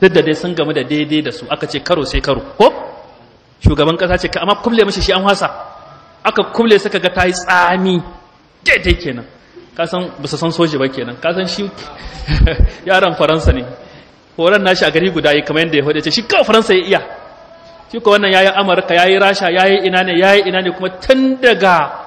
duk da dai sun gamu da daidai da su aka ce karo sai karo ko shugaban kasa ce ka amma kumle mashi shi an wasa aka kuble suka ga ta yi tsami daidai kenan kasan ba su san soji ba kenan kasan shi yaran faransa ne horon nashi a gari guda yi kamar yadda ya hode ce shi kawai faransa ya iya shi ko wannan yayi amurka yayi rasha yayi ina ne yayi ina ne kuma tun daga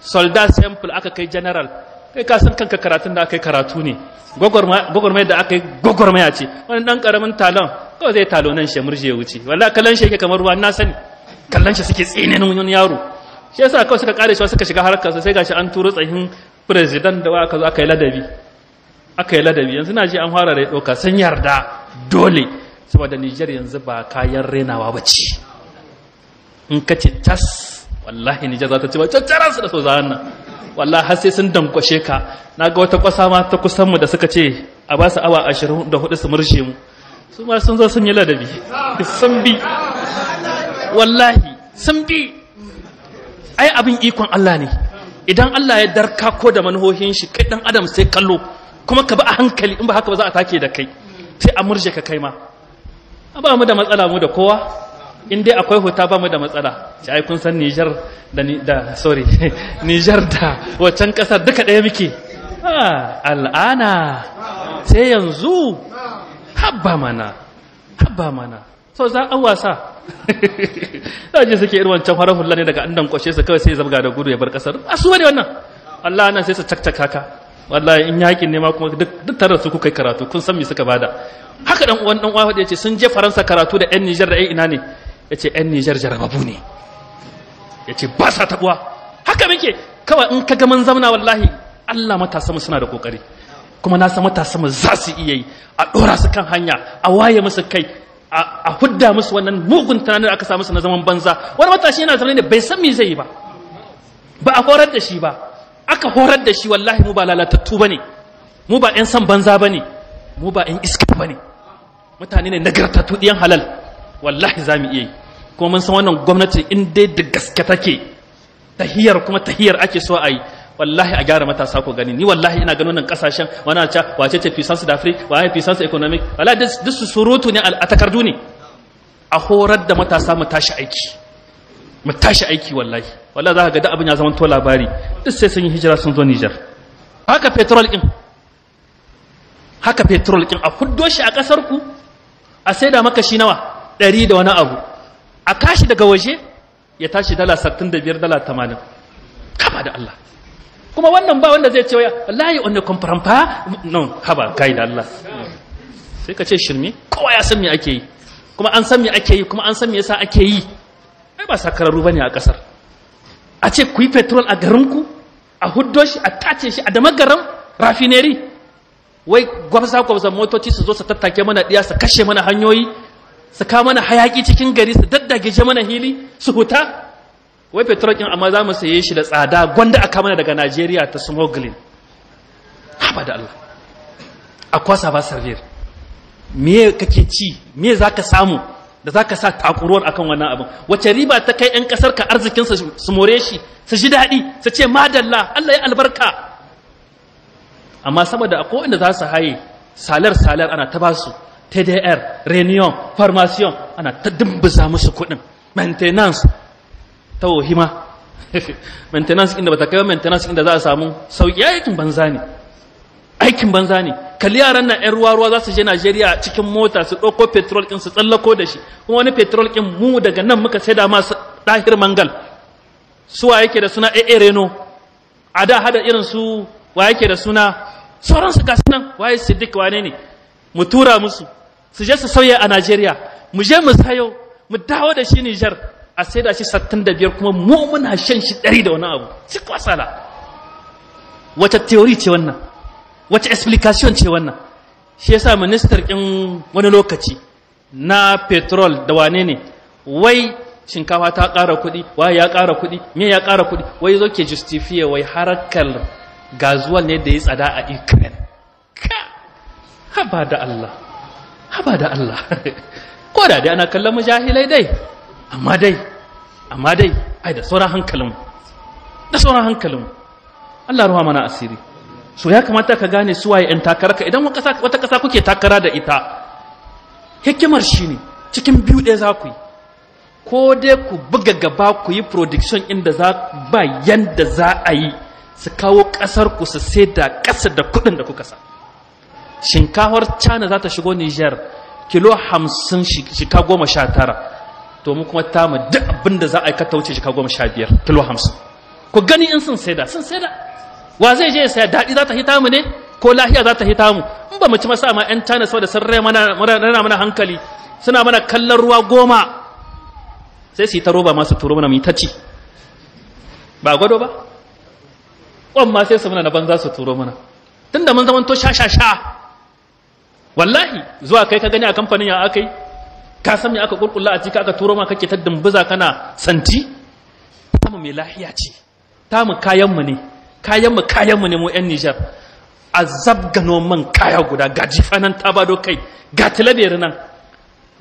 soldat sample aka kai general kai ka san kanka karatun da aka yi karatu ne gwagwarmai da aka yi gwagwarmaya ce wani ɗan ƙaramin talon kawai zai talo nan shi murje ya wuce Wala kallon shi yake kamar ruwa na sani kallon shi suke tsine nan wani yaro shi yasa kawai suka ƙare shi suka shiga harkar sai gashi an turo tsahin president da aka zo aka yi ladabi aka yi ladabi yanzu na ji an fara da ɗauka sun yarda dole saboda Nijar yanzu ba kayan renawa ba ce in ka ce tas wallahi Nijar za ta ci ba cancaransu da so za nan wallahi har sai sun damkwashe ka naga wata kwasa ma ta kusan mu da suka ce a ba su awa 24 su murshe mu su ma sun zo sun yi ladabi sun bi wallahi sun bi ai abin ikon Allah ne idan Allah ya darka ko da manhohin shi kai dan adam sai kallo kuma ka bi a hankali in ba haka ba za a take da kai sai a murje ka kai ma ba mu da matsala mu da kowa in dai akwai huta ba mu da matsala shi ai kun san Niger da da sorry Niger da waccan kasar duka ɗaya muke al'ana sai yanzu habba mana habba mana so za a wasa da ji suke irin wancan farar hula daga andan kwashe su kawai sai zabga da gudu ya bar kasar a su bane wannan Allah nan sai su cakcaka ka wallahi in yakin ne ma kuma duk tare su kuka karatu kun san me suka bada haka dan uwan dan uwa ya ce sun je Faransa karatu da ƴan Niger da ƴan ina ne ya ce 'yan nijar jarababu ne ya ce ba sa taɓuwa haka muke kawai in ka gaman zamna wallahi allah matasanmu suna da ƙoƙari kuma na matasa mu za su iya yi a ɗora su kan hanya a waye musu kai a hudda musu wannan mugun tunanin da aka samu su na zaman banza wani matashi yana zaune ne bai san me zai yi ba ba a horar da shi ba aka horar da shi wallahi mu ba lalatattu ba ne mu ba 'yan san banza ba ne mu ba 'yan iska ba ne mutane ne nagartattu ɗiyan halal wallahi za mu iya yi kuma mun san wannan gwamnati in dai da gaske take tahiyar kuma tahiyar ake so a yi wallahi a gyara matasa ko gani ni wallahi ina ganin nan kasashen wani ca wace ce puissance d'Afrique waye puissance economic wallahi duk su surutu ne a takardu ne a horar da matasa mu tashi aiki mu tashi aiki wallahi wallahi za ka ga da abin ya zama to labari duk sai sun yi hijira sun zo Niger haka petrol din haka petrol din a huddo shi a kasar ku a saida maka shi nawa ɗari da wani abu a kashi daga waje ya tashi dala sattin da biyar dala tamanin kama da Allah kuma wannan ba wanda zai ce waya layi wanda kwamfaran fa non haba kai da Allah sai ka ce shirme kowa ya san me ake yi kuma an san me ake yi kuma an san me yasa ake yi ai ba sakararru bane a kasar a ce ku yi petrol a garinku a huddo shi a tace shi a dama garin rafineri wai gwamsa gwamsa motoci su zo su tattake mana diya su kashe mana hanyoyi su kama mana hayaki cikin gari su daddage mana hili su huta wai petrol ɗin amma za mu saye shi da tsada gwanda aka mana daga najeriya ta smuggling haɓa da allah a kwasa ba servir me kake ci me za ka samu da za ka sa takuruwar akan wannan abin wace riba ta kai 'yan kasar ka arzikinsa su more shi su ji daɗi su ce madalla allah ya albarka amma saboda a inda za su haye salar salar ana ta ba su. tdr reunion formation ana ta dumbuza musu kuɗin maintenance ta wahima maintenance inda bata kai maintenance inda za a samu sauƙi aikin banza ne aikin banza ne kalli yaran na yan ruwa ruwa za su je Najeriya cikin mota su ɗauko petrol ɗin su tsallako da shi kuma wani petrol ɗin mu daga nan muka sai da masu ɗahir mangal su wa yake da suna AA Reno a da hada irin su wa yake da suna sauransu sunan nan waye Siddiq wane ne mu tura musu su je su sauya a Najeriya mu je mu sayo mu dawo da shi Nijar a sai da shi 65 kuma mu muna shan shi 100 da wani abu ci kwasala wata theory ce wannan wata explication ce wannan shi yasa minister kin wani lokaci na petrol da wane ne wai shinkafa ta ƙara kuɗi wai ya ƙara kuɗi me ya ƙara kuɗi wai zo ke justifiye wai harakar gazuwal ne da ya tsada a ukraine ka haba da allah haba da Allah ko da dai ana kallon mu jahilai dai amma dai amma dai ai da sauran hankalin da sauran hankalin Allah ruwa mana asiri so ya kamata ka gane su waye yan takara idan wata kasa kuke takara da ita hikimar shine cikin biyu ɗaya za ku yi ko dai ku buga gaba ku yi production inda za ba yanda za a yi su kawo ƙasar ku su sai da ƙasa da kuɗin da kuka sa shinkafar china za ta shigo niger kilo hamsin shika goma sha tara to mu kuma tamu duk abin da za a yi kata wuce shika goma sha biyar kilo hamsin ku gani in sun da sun da wa zai je ya saya daɗi za ta hita mu ne ko lahiya za ta hita mu in ba mu ci masa ma yan china saboda sun rai mana mana hankali suna mana kallon ruwa goma sai su yi ta roba masu turo mana mu yi ta ci ba gwado ba ƙwan ma sai su muna na banza su turo mana tun da mun zamanto sha sha sha wallahi zuwa kai ka gani a kamfanin ya aka yi ka san me aka kurkulla a cikin aka turo ma kake ta dumbuza kana santi tamu mai lahiya ce tamu kayan mu ne kayan mu kayan mu ne mu yan nijar azab ga noman kaya guda ga jifanan tabado kai ga tilabiyar nan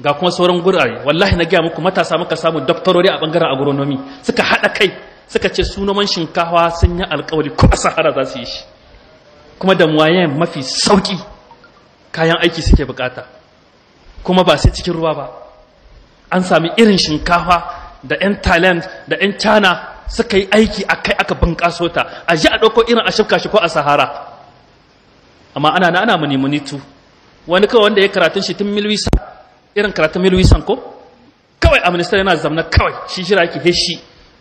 ga kuma sauran gurare wallahi na gaya muku matasa muka samu daftarori a bangaren agronomi suka haɗa kai suka ce su noman shinkafa sun yi alkawari ko sahara za su yi shi kuma da mafi sauki kayan aiki suke bukata kuma ba sai cikin ruwa ba an sami irin shinkafa da 'yan thailand da 'yan china suka yi aiki a kai aka bunkaso ta a ji a ɗauko irin a shafka shi ko a sahara amma ana na ana muni tu wani kawai wanda ya karatun shi tun milwisa irin karatun milwisan ko kawai a minista yana zamna kawai shi shira ki heshi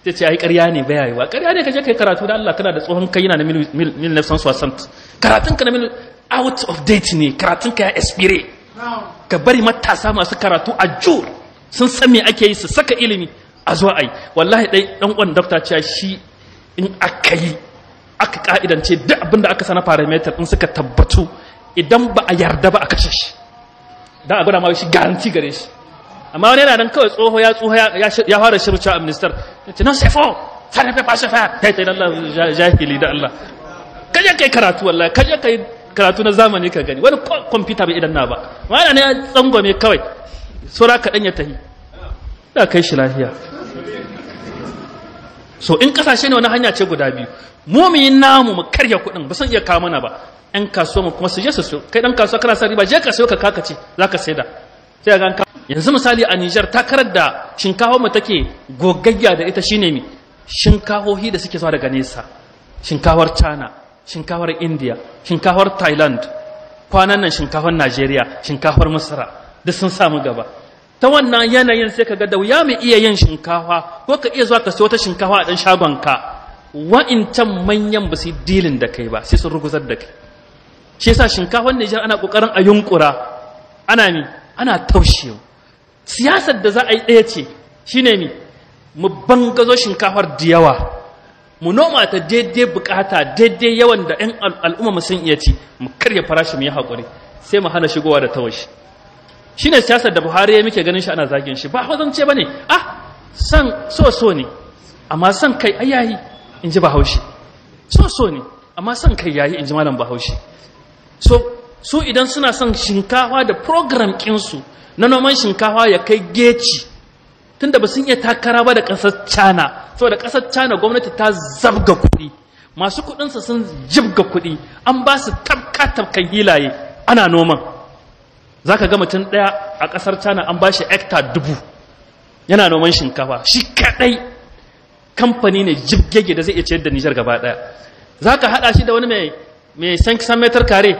ta ce yi ƙarya ne bayayewa yiwa ƙarya ne ka je yi karatu da Allah kana da tsohon kai yana na mil swasant karatun ka na mil out of date ne karatun ka ya expire ka bari matasa masu karatu a jur sun san me ake yi su saka ilimi a zuwa ai wallahi dai dan uwan dokta cewa shi in aka yi aka ka'idance duk abin da aka sana parameter din suka tabbatu idan ba a yarda ba a kashe shi dan a gwada ma shi garanti gare shi amma wani yana nan kawai tsoho ya tsoho ya fara shirucha a minister ce na sefo fara fa fashe fa kai ta Allah jahili da Allah kaje kai karatu wallahi kaje kai karatu na zamani ka gani wani kwamfuta bai idan na ba wani ne ya tsangwame kawai sura kaɗan ya tahi ya kai shi lafiya so in kasashe ne wani hanya ce guda biyu mumiyin namu mu karya kuɗin ba sun iya kawo mana ba yan kasuwa mu kuma su su kai dan kasuwa kana san riba je ka sayo ka kaka ce za ka saida sai ga yanzu misali a Niger takarar da shinkafa mu take gogayya da ita shine mi shinkahohi da suke zuwa daga nesa shinkawar China shinkafar india shinkafar thailand kwanan nan shinkafar najeriya shinkafar misra duk sun samu gaba ta wannan yanayin sai ka ga da wuya mai iya yin shinkafa ko ka iya zuwa ka sayo ta shinkafa a ɗan shagon ka wa'incan manyan ba su dilin da kai ba sai sun rugusar da kai shi yasa shinkafar nijar ana ƙoƙarin a yunƙura ana mi ana taushe siyasar da za a yi ɗaya ce shine mi mu bangazo shinkafar da yawa mu noma ta daidai bukata daidai yawan da 'yan al'umma mu sun iya ci mu karya farashi mu yi haƙuri sai mu hana shigowa da tawashi shi ne siyasar da buhari ya muke ganin shi ana zagin shi ba ce ba ne ah san so so ne amma san kai ayayi in ji bahaushe so so ne amma san kai yayi in ji malam bahaushe so su idan suna son shinkawa da program kinsu na noman shinkawa ya kai geci tunda ba sun iya takara ba da ƙasar cana saboda ƙasar cana gwamnati ta zabga kuɗi masu kuɗinsa sun jibga kuɗi an ba su tabka tabkan hilaye ana noman za ka ga mutum ɗaya a ƙasar cana an ba shi hekta dubu yana noman shinkafa shi kaɗai kamfani ne jibgege da zai iya ciyar da nijar gaba ɗaya za ka haɗa shi da wani mai mai metar kare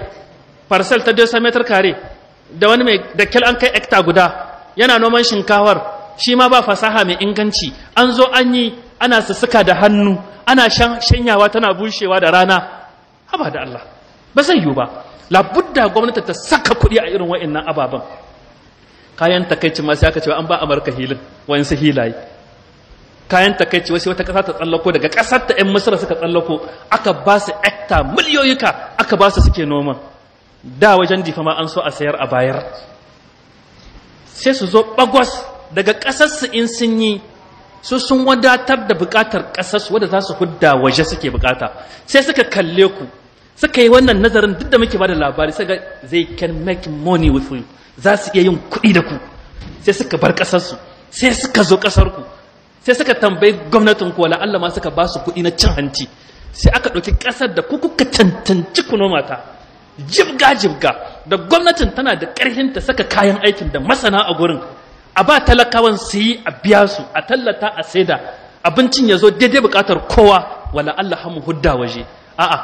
parcel ta 200 metar kare da wani mai da an kai hekta guda yana noman shinkawar shi ma ba fasaha mai inganci an zo an yi ana sassuka da hannu ana shanyawa tana bushewa da rana haba da Allah ba zai yiwu ba labudda gwamnati ta saka kuɗi a irin wa'in nan ababen kayan takaici masu ya kace an ba amurka hilin wayansu hilaye kayan takaici wasu wata ƙasa ta tsallako daga ƙasar ta 'yan misira suka tsallako aka ba su ekta miliyoyika aka ba su suke noma da wajen difa ma an so a sayar a bayar sai su zo bagwas daga ƙasarsu in sun yi su sun wadatar da buƙatar ƙasarsu wadda za su hudda waje suke buƙata sai suka kalle ku suka yi wannan nazarin duk da muke ba da labari suka they can make money with you za su iya yin kuɗi da ku sai suka bar ƙasarsu sai suka zo ƙasarku sai suka tambayi gwamnatin ku wala Allah ma suka ba su kuɗi na cin hanci sai aka ɗauki ƙasar da ku kuka cancanci ku noma ta jibga jibga da gwamnatin tana da ƙarfin ta saka kayan aikin da masana a gurin a ba talakawan su yi a biya su a tallata a saida abincin ya zo daidai bukatar kowa wala Allah hamu hudda waje a'a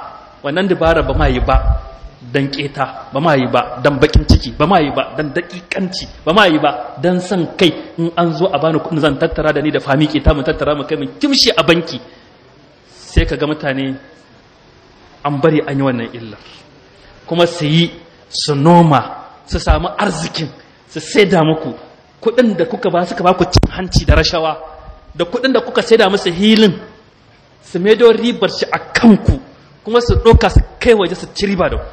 wannan dabara ba ma yi ba dan keta ba ma yi ba dan bakin ciki ba ma yi ba dan dakikanci ba ma yi ba dan san kai in an zo a bani kuɗin zan tattara da ni da fami keta mu tattara mu kai mu kimshi a banki sai ka ga mutane an bari an yi wannan illar kuma su yi su noma su samu arzikin su da muku kuɗin da kuka ba suka ba ku cin hanci da rashawa da kuɗin da kuka saida musu hilin su maido ribar shi a kanku kuma su ɗoka su kai waje su ci riba da ku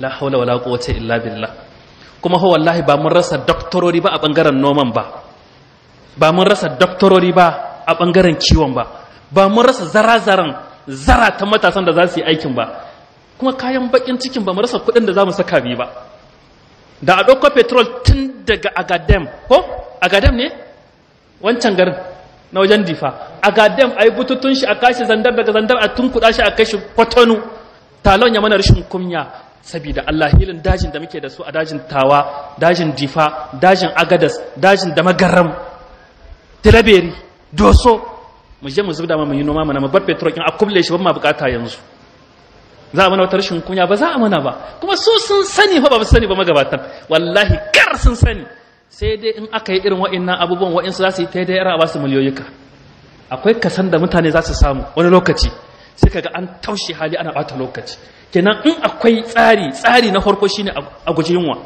la haula wala quwwata illa billah kuma ho wallahi ba mun rasa doktorori ba a bangaren noman ba ba mun rasa doktorori ba a bangaren kiwon ba ba mun rasa zarazaran zara ta matasan da za su yi aikin ba kuma kayan bakin cikin ba mu rasa kuɗin da za mu saka bi ba da a ɗauko petrol tun daga agadem ko agadem ne wancan garin na wajen difa agadem a yi bututun shi a kashi zandar daga zandar a tunkuɗa shi a kashi kwatonu talon ya mana rashin kumya sabida Allah hilin dajin da muke da su a dajin tawa dajin difa dajin agadas dajin da magaram tilaberi doso mu je mu zubda mu yi noma mana mu bar petrol kin a kuble shi ban ma bukata yanzu za a mana wata rashin kunya ba za a mana ba kuma su sun sani ba ba sani ba magabatan wallahi kar sun sani sai dai in aka yi irin wa'annan abubuwan wa'insu za su yi ta da yara a basu miliyoyika akwai kasan da mutane za su samu wani lokaci sai ka ga an taushe hali ana bata lokaci kenan in akwai tsari tsari na farko shine a guji yunwa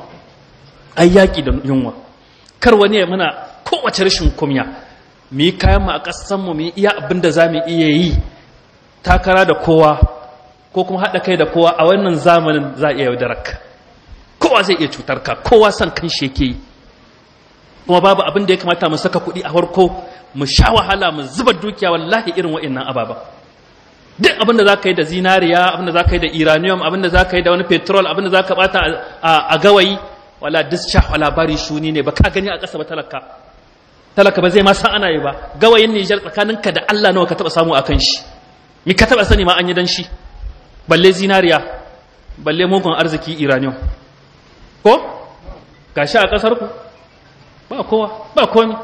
ai yaki da yunwa kar wani ya mana kowace rashin kunya mu yi kayan mu a ƙasar mu mu yi iya abin da za mu iya yi takara da kowa ko kuma haɗa kai da kowa a wannan zamanin za a iya yaudararka kowa zai iya cutar ka kowa son kan sheke yi kuma babu abin da ya kamata mu saka kuɗi a warko mu sha wahala mu zuba dukiya wallahi irin wa'in ababa duk abin da za ka yi da zinariya abin da za ka yi da iranium abin da za ka yi da wani petrol abin da za ka bata a gawayi wala sha wala bari shuni ne ba ka gani a ƙasa ba talaka talaka ba zai ma san ana yi ba gawayin Nijar tsakaninka da Allah nawa ka taɓa samu a kan shi mi ka taɓa sani ma an yi dan shi balle zinariya balle mugun arziki iraniyo ko gashi a ƙasarku ba kowa ba komi